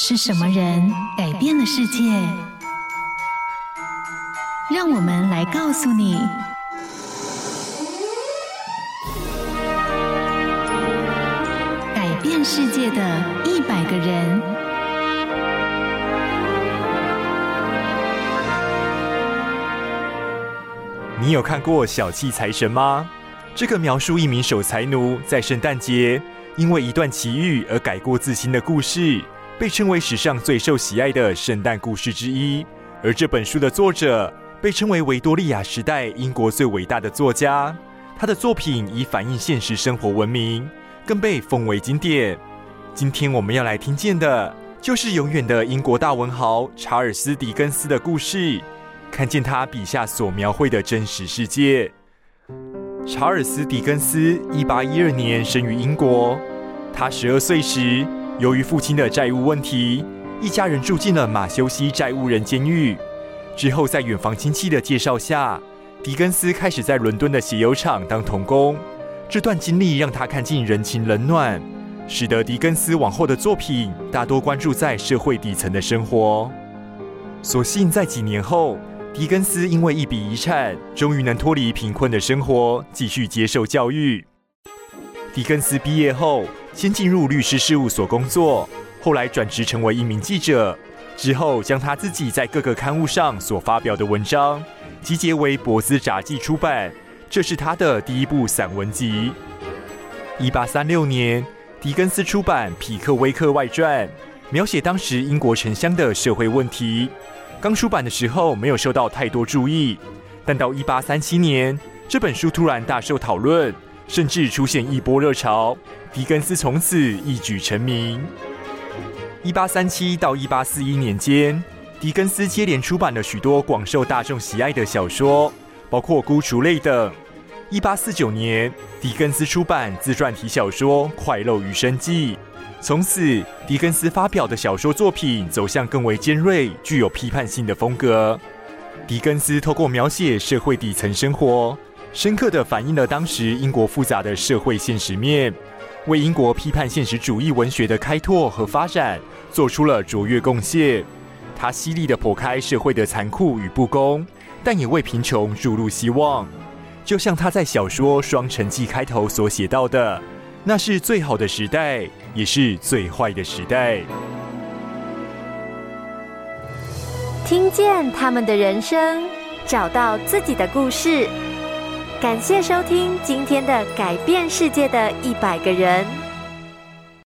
是什麼人改變了世界？讓我們來告訴你：改變世界的一百個人。你有看過《小氣財神》嗎？這個描述一名守財奴在聖誕節因為一段奇遇而改過自新的故事。被稱為史上最受喜愛的聖誕故事之一，而這本書的作者被稱為維多利亞時代英國最偉大的作家。他的作品以反映現實生活聞名，更被奉為經典。今天我們要來聽見的就是永遠的英國大文豪查爾斯·狄更斯的故事，看見他筆下所描繪的真實世界。查爾斯·狄更斯一八一二年生於英國，他十二歲時，由於父親的債務問題，一家人住進了馬修西債務人監獄。之後，在遠房親戚的介紹下，狄更斯開始在倫敦的鞋油廠當童工。這段經歷讓他看盡人情冷暖，使得狄更斯往後的作品大多關注在社會底層的生活。所幸在幾年後，狄更斯因為一筆遺產，終於能脫離貧困的生活，繼續接受教育。狄更斯畢業後，先進入律師事務所工作，後來轉職成為一名記者。之後，將他自己在各個刊物上所發表的文章集結為《博斯雜記》出版，這是他的第一部散文集。一八三六年，狄更斯出版《匹克威克外傳》，描寫當時英國城鄉的社會問題。剛出版的時候，沒有受到太多注意，但到一八三七年，這本書突然大受討論。甚至出現一波熱潮，狄更斯從此一舉成名。一八三七到一八四一年間，狄更斯接連出版了許多廣受大眾喜愛的小說，包括《孤雛淚》等。一八四九年，狄更斯出版自傳體小說《快樂與生計》，從此，狄更斯發表的小說作品走向更為尖銳、具有批判性的風格。狄更斯透過描寫社會底層生活，深刻地反映了當時英國複雜的社會現實面，為英國批判現實主義文學的開拓和發展做出了卓越貢獻。他犀利地剖開社會的殘酷與不公，但也為貧窮注入希望。就像他在小說《雙城記》開頭所寫到的：“那是最好的時代，也是最壞的時代。”聽見他們的人生，找到自己的故事。感謝收聽今天的《改變世界的一百個人》。